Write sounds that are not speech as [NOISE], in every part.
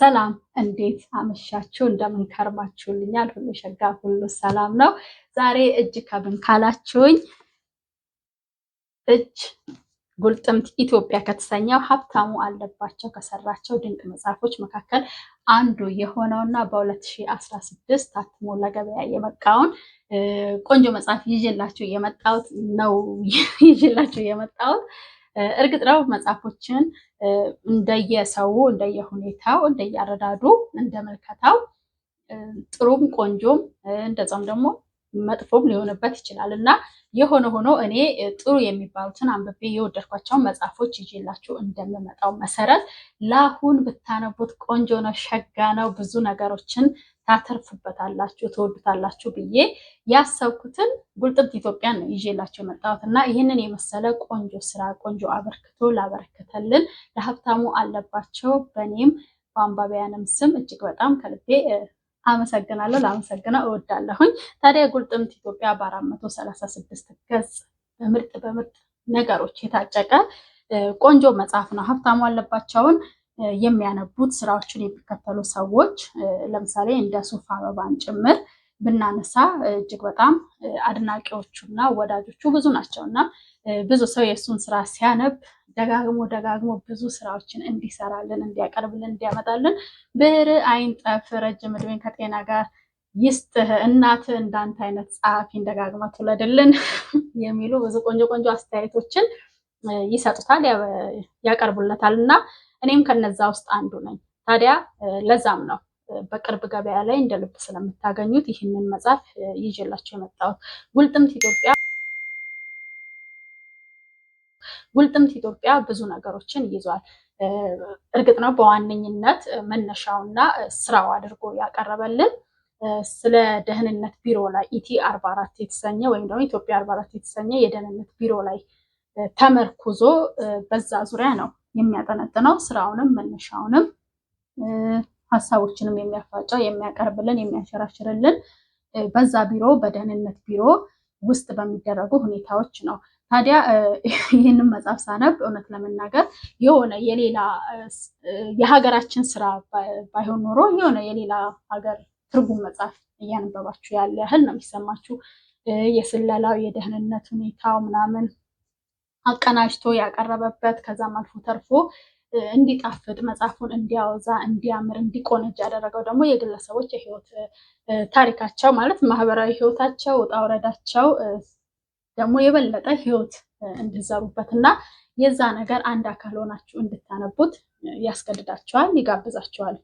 ሰላም እንዴት አመሻችሁ? እንደምን ከርማችሁልኛል? ሁሉ ሸጋ ሁሉ ሰላም ነው። ዛሬ እጅ ከምን ካላችሁኝ እጅ ጉልጥምት ኢትዮጵያ ከተሰኘው ሀብታሙ አለባቸው ከሰራቸው ድንቅ መጽሐፎች መካከል አንዱ የሆነውና በ2016 ታትሞ ለገበያ የበቃውን ቆንጆ መጽሐፍ ይዤላችሁ የመጣሁት ነው። [LAUGHS] ይዤላችሁ የመጣሁት እርግጥ ነው መጽሐፎችን እንደየሰው እንደየሁኔታው እንደየአረዳዱ እንደመልከታው ጥሩም ቆንጆም እንደዛም ደግሞ መጥፎም ሊሆንበት ይችላል እና የሆነ ሆኖ እኔ ጥሩ የሚባሉትን አንብቤ የወደድኳቸውን መጽሐፎች ይዤላችሁ እንደምመጣው መሰረት ለአሁን ብታነቡት ቆንጆ ነው፣ ሸጋ ነው፣ ብዙ ነገሮችን ታተርፉበታላችሁ፣ ትወዱታላችሁ ብዬ ያሰብኩትን ጉልጥብት ኢትዮጵያን ነው ይዤላችሁ የመጣሁት እና ይህንን የመሰለ ቆንጆ ስራ ቆንጆ አበርክቶ ላበረከተልን ለሀብታሙ አለባቸው በእኔም በአንባቢያንም ስም እጅግ በጣም ከልቤ አመሰግናለሁ። ላመሰግነው እወዳለሁኝ። ታዲያ ጉልጥምት ኢትዮጵያ በአራት መቶ ሰላሳ ስድስት ገጽ በምርጥ በምርጥ ነገሮች የታጨቀ ቆንጆ መጽሐፍ ነው። ሀብታሙ አለባቸውን የሚያነቡት ስራዎችን የሚከተሉ ሰዎች ለምሳሌ እንደ ሱፍ አበባን ጭምር ብናነሳ እጅግ በጣም አድናቂዎቹና ወዳጆቹ ብዙ ናቸው እና ብዙ ሰው የእሱን ስራ ሲያነብ ደጋግሞ ደጋግሞ ብዙ ስራዎችን እንዲሰራልን፣ እንዲያቀርብልን፣ እንዲያመጣልን ብር አይንጠፍ ረጅም እድሜን ከጤና ጋር ይስጥህ እናት እንዳንተ አይነት ጸሐፊን ደጋግማ ትውለድልን [LAUGHS] የሚሉ ብዙ ቆንጆ ቆንጆ አስተያየቶችን ይሰጡታል፣ ያቀርቡለታል እና እኔም ከነዛ ውስጥ አንዱ ነኝ። ታዲያ ለዛም ነው በቅርብ ገበያ ላይ እንደ ልብ ስለምታገኙት ይህንን መጽሐፍ ይዤላቸው የመጣሁት ጉልጥምት ኢትዮጵያ ጉልጥምት ኢትዮጵያ ብዙ ነገሮችን ይዟል። እርግጥ ነው በዋነኝነት መነሻውና ስራው አድርጎ ያቀረበልን ስለ ደህንነት ቢሮ ላይ ኢቲ አርባ አራት የተሰኘ ወይም ደግሞ ኢትዮጵያ አርባ አራት የተሰኘ የደህንነት ቢሮ ላይ ተመርኩዞ በዛ ዙሪያ ነው የሚያጠነጥነው። ስራውንም መነሻውንም ሀሳቦችንም የሚያፋጫው የሚያቀርብልን የሚያሸራሽርልን በዛ ቢሮ በደህንነት ቢሮ ውስጥ በሚደረጉ ሁኔታዎች ነው። ታዲያ ይህንን መጽሐፍ ሳነብ እውነት ለመናገር የሆነ የሌላ የሀገራችን ስራ ባይሆን ኖሮ የሆነ የሌላ ሀገር ትርጉም መጽሐፍ እያነበባችሁ ያለ ያህል ነው የሚሰማችሁ። የስለላው የደህንነት ሁኔታው ምናምን አቀናጅቶ ያቀረበበት ከዛም አልፎ ተርፎ እንዲጣፍጥ መጽሐፉን እንዲያወዛ እንዲያምር እንዲቆነጅ ያደረገው ደግሞ የግለሰቦች የህይወት ታሪካቸው ማለት ማህበራዊ ህይወታቸው ውጣ ውረዳቸው ደግሞ የበለጠ ህይወት እንድዘሩበት እና የዛ ነገር አንድ አካል ሆናችሁ እንድታነቡት ያስገድዳቸዋል፣ ይጋብዛቸዋል።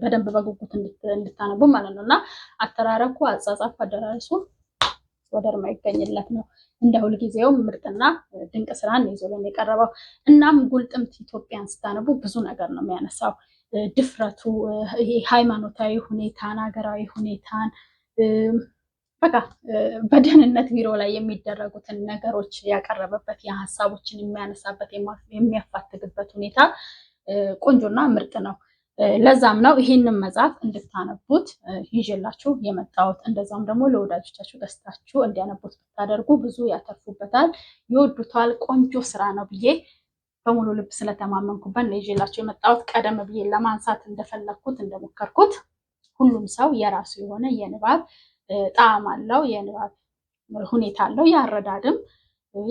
በደንብ በጉጉት እንድታነቡ ማለት ነው እና አተራረኩ፣ አጻጻፉ፣ አደራረሱ ወደር ማይገኝለት ነው። እንደ ሁልጊዜውም ምርጥና ድንቅ ስራን ይዞልን የቀረበው እናም ጉልጥምት ኢትዮጵያን ስታነቡ ብዙ ነገር ነው የሚያነሳው። ድፍረቱ፣ ሃይማኖታዊ ሁኔታን፣ ሀገራዊ ሁኔታን በቃ በደህንነት ቢሮ ላይ የሚደረጉትን ነገሮች ያቀረበበት የሀሳቦችን የሚያነሳበት የሚያፋትግበት ሁኔታ ቆንጆና ምርጥ ነው። ለዛም ነው ይህንን መጽሐፍ እንድታነቡት ይዤላችሁ የመጣሁት። እንደዛም ደግሞ ለወዳጆቻችሁ ገዝታችሁ እንዲያነቡት ብታደርጉ ብዙ ያተርፉበታል፣ ይወዱታል። ቆንጆ ስራ ነው ብዬ በሙሉ ልብ ስለተማመንኩበት ነው ይዤላችሁ የመጣሁት። ቀደም ብዬ ለማንሳት እንደፈለግኩት እንደሞከርኩት ሁሉም ሰው የራሱ የሆነ የንባብ ጣዕም አለው፣ የንባብ ሁኔታ አለው። የአረዳድም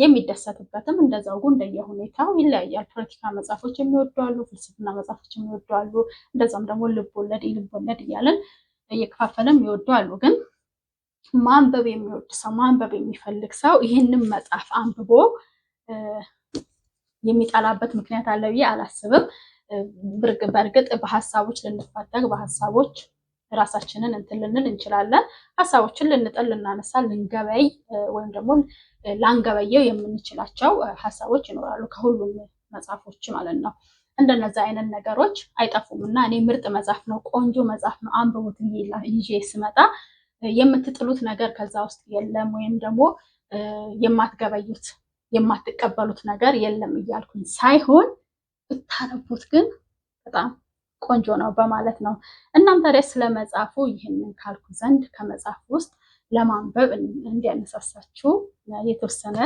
የሚደሰትበትም እንደዛው እንደየ ሁኔታው ይለያያል። ፖለቲካ መጽሐፎች የሚወዱ አሉ፣ ፍልስፍና መጽሐፎች የሚወዱ አሉ። እንደዛም ደግሞ ልብ ወለድ ልብ ወለድ እያለን እየከፋፈለም የሚወዱ አሉ። ግን ማንበብ የሚወድ ሰው ማንበብ የሚፈልግ ሰው ይህንን መጽሐፍ አንብቦ የሚጠላበት ምክንያት አለ ብዬ አላስብም። በእርግጥ በሀሳቦች ልንፈተግ በሀሳቦች ራሳችንን እንትን ልንል እንችላለን። ሀሳቦችን ልንጥል፣ ልናነሳ፣ ልንገበይ ወይም ደግሞ ላንገበየው የምንችላቸው ሀሳቦች ይኖራሉ ከሁሉም መጽሐፎች ማለት ነው። እንደነዚህ አይነት ነገሮች አይጠፉም እና እኔ ምርጥ መጽሐፍ ነው፣ ቆንጆ መጽሐፍ ነው፣ አንብቡት ይዤ ስመጣ የምትጥሉት ነገር ከዛ ውስጥ የለም ወይም ደግሞ የማትገበዩት የማትቀበሉት ነገር የለም እያልኩኝ ሳይሆን ብታነቡት ግን በጣም ቆንጆ ነው በማለት ነው። እናም ታዲያ ስለ መጽሐፉ ይህንን ካልኩ ዘንድ ከመጽሐፉ ውስጥ ለማንበብ እንዲያነሳሳችሁ የተወሰነ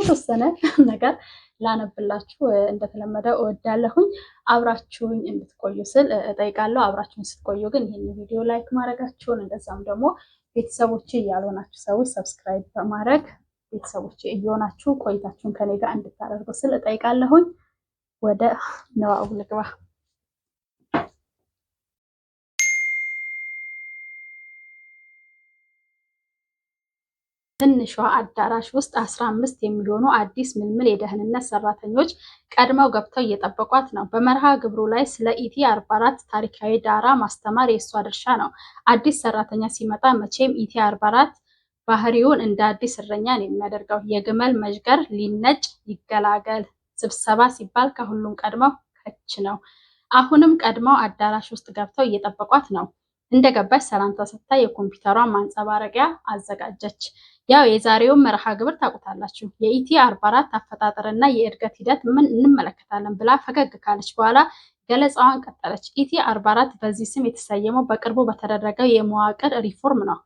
የተወሰነ [LAUGHS] ነገር ላነብላችሁ እንደተለመደ እወዳለሁኝ። አብራችሁኝ እንድትቆዩ ስል እጠይቃለሁ። አብራችሁኝ ስትቆዩ ግን ይህን ቪዲዮ ላይክ ማድረጋችሁን እንደዛም ደግሞ ቤተሰቦች ያልሆናችሁ ሰዎች ሰብስክራይብ በማድረግ ቤተሰቦች እየሆናችሁ ቆይታችሁን ከኔ ጋር እንድታደርጉ ስል እጠይቃለሁኝ። ወደ ነዋው ልግባ። ትንሿ አዳራሽ ውስጥ አስራ አምስት የሚሆኑ አዲስ ምልምል የደህንነት ሰራተኞች ቀድመው ገብተው እየጠበቋት ነው። በመርሃ ግብሩ ላይ ስለ ኢቲ 44 ታሪካዊ ዳራ ማስተማር የእሷ ድርሻ ነው። አዲስ ሰራተኛ ሲመጣ መቼም ኢቲ 44 ባህሪውን እንደ አዲስ እረኛ ነው የሚያደርገው። የግመል መዥገር ሊነጭ ይገላገል። ስብሰባ ሲባል ከሁሉም ቀድመው ከች ነው። አሁንም ቀድመው አዳራሽ ውስጥ ገብተው እየጠበቋት ነው። እንደገባች ሰላምታ ሰጥታ የኮምፒውተሯን ማንጸባረቂያ አዘጋጀች። ያው የዛሬውን መርሃ ግብር ታውቁታላችሁ። የኢቲ 44 አፈጣጠርና የእድገት ሂደት ምን እንመለከታለን ብላ ፈገግ ካለች በኋላ ገለጻዋን ቀጠለች። ኢቲ 44 በዚህ ስም የተሰየመው በቅርቡ በተደረገው የመዋቅር ሪፎርም ነው።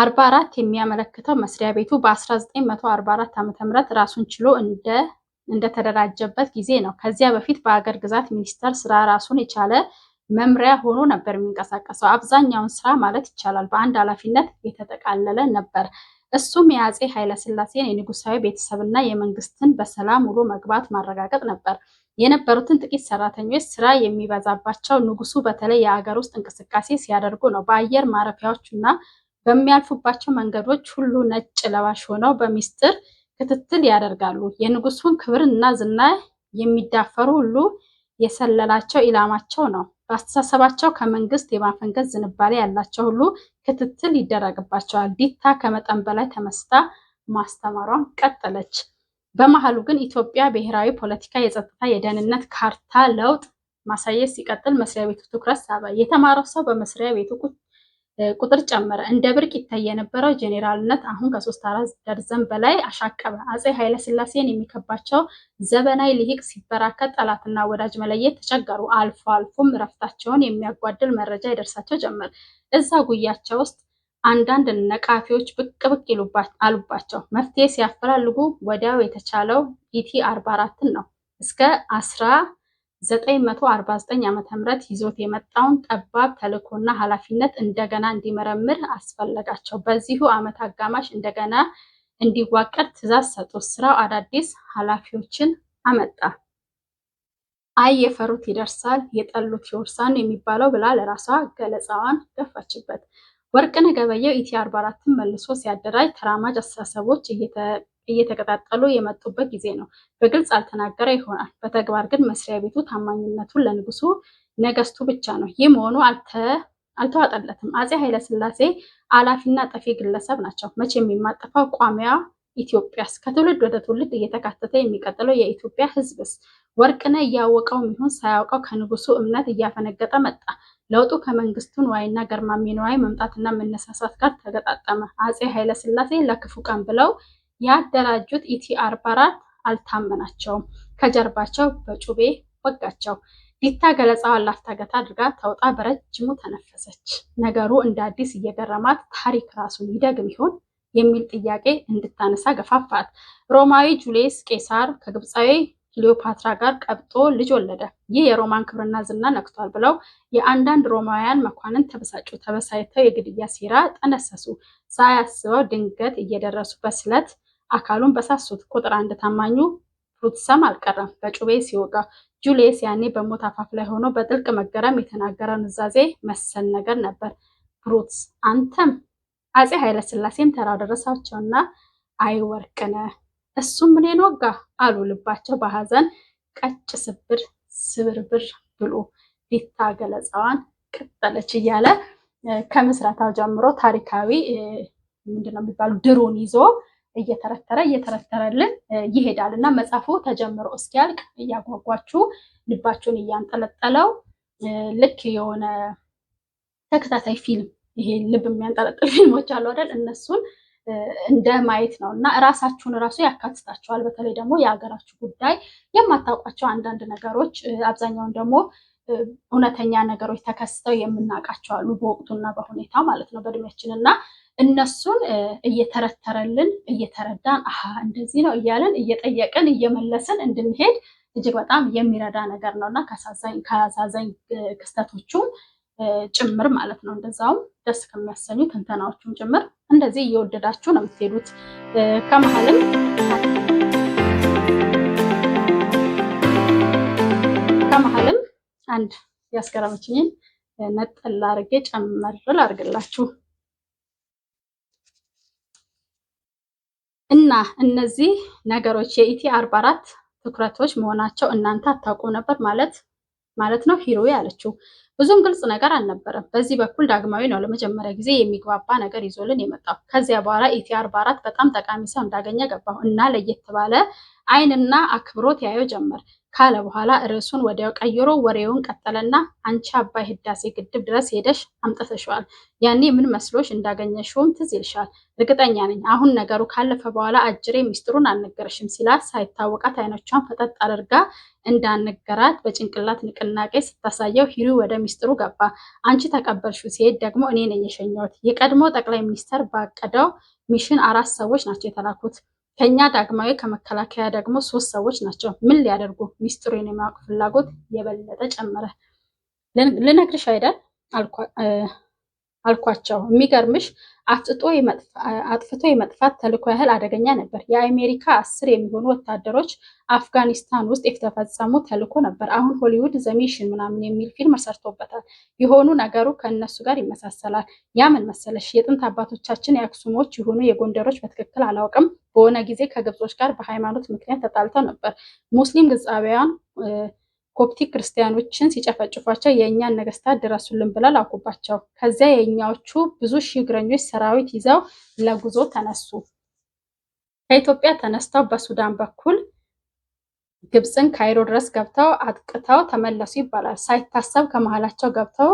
44 የሚያመለክተው መስሪያ ቤቱ በ1944 ዓ ም ራሱን ችሎ እንደ እንደተደራጀበት ጊዜ ነው። ከዚያ በፊት በአገር ግዛት ሚኒስቴር ስራ ራሱን የቻለ መምሪያ ሆኖ ነበር የሚንቀሳቀሰው። አብዛኛውን ስራ ማለት ይቻላል በአንድ ኃላፊነት የተጠቃለለ ነበር። እሱም የአፄ ኃይለሥላሴን የንጉሳዊ ቤተሰብና የመንግስትን በሰላም ውሎ መግባት ማረጋገጥ ነበር። የነበሩትን ጥቂት ሰራተኞች ስራ የሚበዛባቸው ንጉሱ በተለይ የአገር ውስጥ እንቅስቃሴ ሲያደርጉ ነው። በአየር ማረፊያዎች እና በሚያልፉባቸው መንገዶች ሁሉ ነጭ ለባሽ ሆነው በሚስጥር ክትትል ያደርጋሉ። የንጉሱን ክብርና ዝና የሚዳፈሩ ሁሉ የሰለላቸው ኢላማቸው ነው። በአስተሳሰባቸው ከመንግስት የማፈንገጥ ዝንባሌ ያላቸው ሁሉ ክትትል ይደረግባቸዋል። ዲታ ከመጠን በላይ ተመስታ ማስተማሯን ቀጠለች። በመሀሉ ግን ኢትዮጵያ ብሔራዊ ፖለቲካ፣ የጸጥታ፣ የደህንነት ካርታ ለውጥ ማሳየት ሲቀጥል መስሪያ ቤቱ ትኩረት ሳበ። የተማረው ሰው በመስሪያ ቤቱ ቁጭ ቁጥር ጨመረ። እንደ ብርቅ ይታይ የነበረው ጄኔራልነት አሁን ከሶስት አራት ደርዘን በላይ አሻቀበ። አጼ ኃይለስላሴን የሚከባቸው ዘበናዊ ልሂቅ ሲበራከት ጠላትና ወዳጅ መለየት ተቸገሩ። አልፎ አልፎም እረፍታቸውን የሚያጓድል መረጃ ይደርሳቸው ጀመር። እዛ ጉያቸው ውስጥ አንዳንድ ነቃፊዎች ብቅ ብቅ አሉባቸው። መፍትሄ ሲያፈላልጉ ወዲያው የተቻለው ኢቲ አርባ አራትን ነው እስከ አስራ 949 ዓ.ም ይዞት የመጣውን ጠባብ ተልዕኮና ኃላፊነት እንደገና እንዲመረምር አስፈለጋቸው። በዚሁ ዓመት አጋማሽ እንደገና እንዲዋቀር ትዕዛዝ ሰጡት። ስራው አዳዲስ ኃላፊዎችን አመጣ። አይ የፈሩት ይደርሳል፣ የጠሉት ይወርሳል የሚባለው ብላ ለራሷ ገለጻዋን ገፋችበት። ወርቅነህ ገበየሁ ኢቲ 44ን መልሶ ሲያደራጅ ተራማጅ አስተሳሰቦች እየተቀጣጠሉ የመጡበት ጊዜ ነው። በግልጽ አልተናገረ ይሆናል፣ በተግባር ግን መስሪያ ቤቱ ታማኝነቱን ለንጉሱ ነገስቱ ብቻ ነው። ይህ መሆኑ አልተዋጠለትም። አፄ ኃይለሥላሴ አላፊና ጠፊ ግለሰብ ናቸው። መቼ የሚማጠፋው ቋሚያ ኢትዮጵያስ? ከትውልድ ወደ ትውልድ እየተካተተ የሚቀጥለው የኢትዮጵያ ህዝብስ ወርቅነ እያወቀው ይሁን ሳያውቀው ከንጉሱ እምነት እያፈነገጠ መጣ። ለውጡ ከመንግስቱ ንዋይና ገርማሜ ንዋይ መምጣትና መነሳሳት ጋር ተገጣጠመ። አፄ ኃይለሥላሴ ለክፉ ቀን ብለው ያደራጁት ኢቲ አርባ አራት አልታመናቸውም። ከጀርባቸው በጩቤ ወጋቸው። ዲታ ገለጻዋን ላፍታገታ አድርጋ ተውጣ በረጅሙ ተነፈሰች። ነገሩ እንደ አዲስ እየገረማት ታሪክ ራሱን ይደግም ይሆን የሚል ጥያቄ እንድታነሳ ገፋፋት። ሮማዊ ጁልየስ ቄሳር ከግብፃዊ ክሊዮፓትራ ጋር ቀብጦ ልጅ ወለደ። ይህ የሮማን ክብርና ዝና ነክቷል ብለው የአንዳንድ ሮማውያን መኳንን ተበሳጩ። ተበሳይተው የግድያ ሴራ ጠነሰሱ። ሳያስበው ድንገት እየደረሱበት ስለት አካሉን በሳሱት ቁጥር አንድ ታማኙ ሩትሰም አልቀረም በጩቤ ሲወጋ። ጁልየስ ያኔ በሞት አፋፍ ላይ ሆኖ በጥልቅ መገረም የተናገረ ኑዛዜ መሰል ነገር ነበር። ብሩትስ አንተም አፄ ኃይለስላሴም ተራ ደረሳቸውና አይወርቅነ እሱም እኔን ወጋ አሉ። ልባቸው በሐዘን ቀጭ ስብር ስብርብር ብሎ ሊታ ገለጻዋን ቀጠለች እያለ ከምስረታው ጀምሮ ታሪካዊ ምንድነው የሚባሉ ድሩን ይዞ እየተረተረ እየተረተረልን ይሄዳል እና መጽሐፉ ተጀምሮ እስኪያልቅ እያጓጓችሁ ልባችሁን እያንጠለጠለው ልክ የሆነ ተከታታይ ፊልም ይሄ ልብ የሚያንጠለጥል ፊልሞች አሉ አይደል? እነሱን እንደ ማየት ነው እና እራሳችሁን እራሱ ያካትታቸዋል። በተለይ ደግሞ የሀገራችሁ ጉዳይ የማታውቋቸው አንዳንድ ነገሮች አብዛኛውን ደግሞ እውነተኛ ነገሮች ተከስተው የምናውቃቸው አሉ፣ በወቅቱና በሁኔታ ማለት ነው በእድሜያችን እና እነሱን እየተረተረልን እየተረዳን አ እንደዚህ ነው እያለን እየጠየቅን እየመለስን እንድንሄድ እጅግ በጣም የሚረዳ ነገር ነው እና ከአሳዛኝ ክስተቶቹም ጭምር ማለት ነው እንደዛውም ደስ ከሚያሰኙ ትንተናዎቹም ጭምር እንደዚህ እየወደዳችሁ ነው የምትሄዱት ከመሀልም አንድ ያስገረመችኝን ነጠላ አርጌ ጨመር አርግላችሁ እና እነዚህ ነገሮች የኢቲ አርባ አራት ትኩረቶች መሆናቸው እናንተ አታውቁ ነበር ማለት ማለት ነው ሂሮ ያለችው ብዙም ግልጽ ነገር አልነበረም። በዚህ በኩል ዳግማዊ ነው ለመጀመሪያ ጊዜ የሚግባባ ነገር ይዞልን የመጣው። ከዚያ በኋላ ኢቲ አርባ አራት በጣም ጠቃሚ ሰው እንዳገኘ ገባሁ እና ለየት ባለ አይንና አክብሮት ያየው ጀመር። ካለ በኋላ ርዕሱን ወዲያው ቀይሮ ወሬውን ቀጠለና አንቺ አባይ ህዳሴ ግድብ ድረስ ሄደሽ አምጥተሸዋል። ያኔ ምን መስሎሽ እንዳገኘሽውም ትዝ ይልሻል። እርግጠኛ ነኝ አሁን ነገሩ ካለፈ በኋላ አጅሬ ሚስጥሩን አልነገረሽም ሲላት ሳይታወቃት አይኖቿን ፈጠጥ አድርጋ እንዳነገራት በጭንቅላት ንቅናቄ ስታሳየው ሂሩ ወደ ሚስጥሩ ገባ። አንቺ ተቀበልሽው ሲሄድ ደግሞ እኔ ነኝ የሸኘሁት። የቀድሞ ጠቅላይ ሚኒስተር ባቀደው ሚሽን አራት ሰዎች ናቸው የተላኩት ከእኛ ዳግማዊ ከመከላከያ ደግሞ ሶስት ሰዎች ናቸው። ምን ሊያደርጉ? ሚስጥሩን የማወቅ ፍላጎት የበለጠ ጨመረ። ልነግርሽ አይደል አልኳቸው። የሚገርምሽ አጥፍቶ የመጥፋት ተልኮ ያህል አደገኛ ነበር። የአሜሪካ አስር የሚሆኑ ወታደሮች አፍጋኒስታን ውስጥ የተፈጸሙ ተልኮ ነበር። አሁን ሆሊውድ ዘሚሽን ምናምን የሚል ፊልም ሰርቶበታል። የሆኑ ነገሩ ከእነሱ ጋር ይመሳሰላል። ያ መሰለሽ የጥንት አባቶቻችን የአክሱሞች የሆኑ የጎንደሮች በትክክል አላውቅም፣ በሆነ ጊዜ ከግብጾች ጋር በሃይማኖት ምክንያት ተጣልተው ነበር ሙስሊም ግብጻውያን ኮፕቲክ ክርስቲያኖችን ሲጨፈጭፏቸው የእኛን ነገስታት ድረሱልን ብለ ላኩባቸው። ከዚያ የእኛዎቹ ብዙ ሺህ እግረኞች ሰራዊት ይዘው ለጉዞ ተነሱ። ከኢትዮጵያ ተነስተው በሱዳን በኩል ግብፅን ካይሮ ድረስ ገብተው አጥቅተው ተመለሱ ይባላል። ሳይታሰብ ከመሃላቸው ገብተው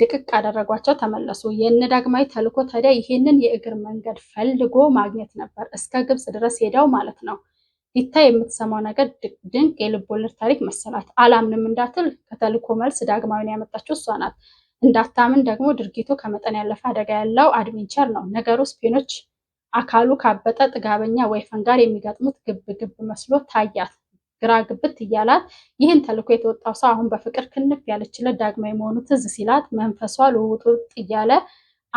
ድቅቅ አደረጓቸው፣ ተመለሱ። የእነ ዳግማዊ ተልኮ ታዲያ ይህንን የእግር መንገድ ፈልጎ ማግኘት ነበር። እስከ ግብፅ ድረስ ሄደው ማለት ነው። ዲታ የምትሰማው ነገር ድንቅ የልብ ወለድ ታሪክ መሰላት። አላምንም እንዳትል ከተልኮ መልስ ዳግማዊን ያመጣችው እሷ ናት። እንዳታምን ደግሞ ድርጊቱ ከመጠን ያለፈ አደጋ ያለው አድቬንቸር ነው። ነገሩ ስፔኖች አካሉ ካበጠ ጥጋበኛ ወይፈን ጋር የሚገጥሙት ግብ ግብ መስሎ ታያት። ግራ ግብት እያላት ይህን ተልኮ የተወጣው ሰው አሁን በፍቅር ክንፍ ያለችለት ዳግማዊ መሆኑ ትዝ ሲላት መንፈሷ ልውውጥውጥ እያለ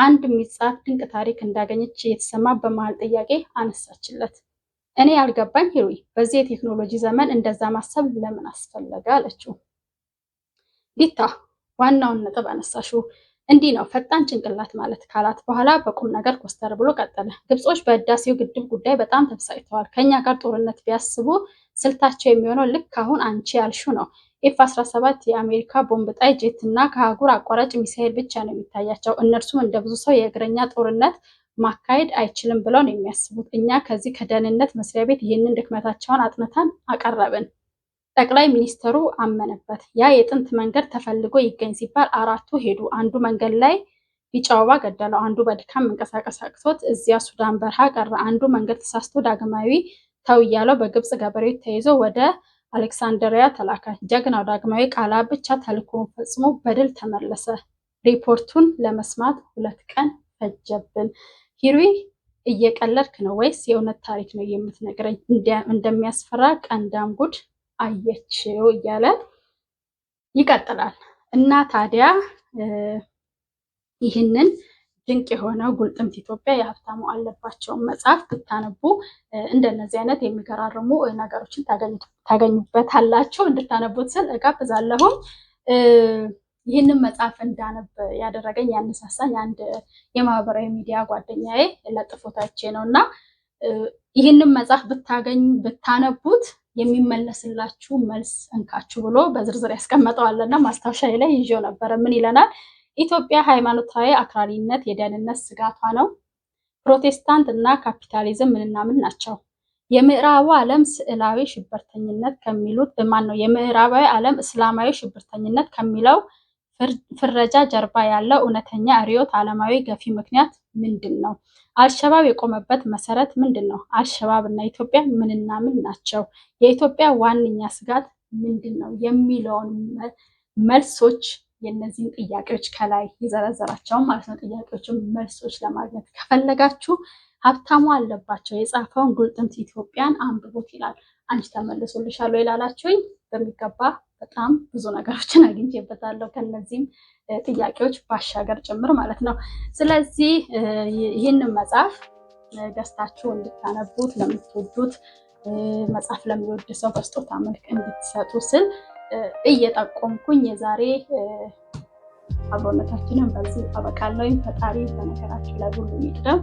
አንድ የሚጻፍ ድንቅ ታሪክ እንዳገኘች እየተሰማ በመሀል ጥያቄ አነሳችለት። እኔ ያልገባኝ ሂሩይ በዚህ የቴክኖሎጂ ዘመን እንደዛ ማሰብ ለምን አስፈለገ አለችው። ቢታ ዋናውን ነጥብ አነሳሽው፣ እንዲህ ነው ፈጣን ጭንቅላት ማለት ካላት በኋላ በቁም ነገር ኮስተር ብሎ ቀጠለ። ግብጾች በህዳሴው ግድብ ጉዳይ በጣም ተብሳጭተዋል። ከኛ ጋር ጦርነት ቢያስቡ ስልታቸው የሚሆነው ልክ አሁን አንቺ ያልሹ ነው። ኤፍ 17 የአሜሪካ ቦምብ ጣይ ጄት እና ከአህጉር አቋራጭ ሚሳኤል ብቻ ነው የሚታያቸው። እነርሱም እንደ ብዙ ሰው የእግረኛ ጦርነት ማካሄድ አይችልም ብለው ነው የሚያስቡት። እኛ ከዚህ ከደህንነት መስሪያ ቤት ይህንን ድክመታቸውን አጥንተን አቀረብን። ጠቅላይ ሚኒስትሩ አመነበት። ያ የጥንት መንገድ ተፈልጎ ይገኝ ሲባል አራቱ ሄዱ። አንዱ መንገድ ላይ ቢጫ አበባ ገደለው፣ አንዱ በድካም መንቀሳቀስ አቅቶት እዚያ ሱዳን በረሃ ቀረ፣ አንዱ መንገድ ተሳስቶ ዳግማዊ ተው እያለው በግብፅ ገበሬዎች ተይዞ ወደ አሌክሳንደሪያ ተላከ። ጀግናው ዳግማዊ ቃላ ብቻ ተልእኮውን ፈጽሞ በድል ተመለሰ። ሪፖርቱን ለመስማት ሁለት ቀን ፈጀብን። ሂሩይ እየቀለድክ ነው ወይስ የእውነት ታሪክ ነው የምትነግረኝ? እንደሚያስፈራ ቀንዳም ጉድ አየችው እያለ ይቀጥላል። እና ታዲያ ይህንን ድንቅ የሆነ ጉልጥምት ኢትዮጵያ የሀብታሙ አለባቸውን መጽሐፍ ብታነቡ እንደነዚህ አይነት የሚገራርሙ ነገሮችን ታገኙበታላችሁ። እንድታነቡት ስል እጋብዛለሁም። ይህንን መጽሐፍ እንዳነብ ያደረገኝ ያነሳሳኝ አንድ የማህበራዊ ሚዲያ ጓደኛዬ ለጥፎታቼ ነው እና ይህንን መጽሐፍ ብታገኝ ብታነቡት የሚመለስላችሁ መልስ እንካችሁ ብሎ በዝርዝር ያስቀመጠዋልና ማስታወሻ ላይ ይዤው ነበረ። ምን ይለናል? ኢትዮጵያ ሃይማኖታዊ አክራሪነት የደህንነት ስጋቷ ነው። ፕሮቴስታንት እና ካፒታሊዝም ምንና ምን ናቸው? የምዕራቡ ዓለም ስዕላዊ ሽብርተኝነት ከሚሉት ማን ነው? የምዕራባዊ ዓለም እስላማዊ ሽብርተኝነት ከሚለው ፍረጃ ጀርባ ያለው እውነተኛ ርዕዮተ ዓለማዊ ገፊ ምክንያት ምንድን ነው? አልሸባብ የቆመበት መሰረት ምንድን ነው? አልሸባብ እና ኢትዮጵያ ምንና ምን ናቸው? የኢትዮጵያ ዋነኛ ስጋት ምንድን ነው? የሚለውን መልሶች የእነዚህን ጥያቄዎች ከላይ የዘረዘራቸውን ማለት ነው ጥያቄዎችን መልሶች ለማግኘት ከፈለጋችሁ ሀብታሙ አለባቸው የጻፈውን ጉልጥምት ኢትዮጵያን አንብቦት ይላል። አንቺ ተመልሶልሻል ወይ ላላችሁኝ በሚገባ በጣም ብዙ ነገሮችን አግኝቼበታለሁ ከነዚህም ጥያቄዎች ባሻገር ጭምር ማለት ነው። ስለዚህ ይህንን መጽሐፍ ገዝታችሁ እንድታነቡት ለምትወዱት መጽሐፍ ለሚወድ ሰው በስጦታ መልክ እንድትሰጡ ስል እየጠቆምኩኝ የዛሬ አብሮነታችንን በዚህ አበቃለሁ። ፈጣሪ በነገራችሁ ላይ ሁሉ ይቅደም።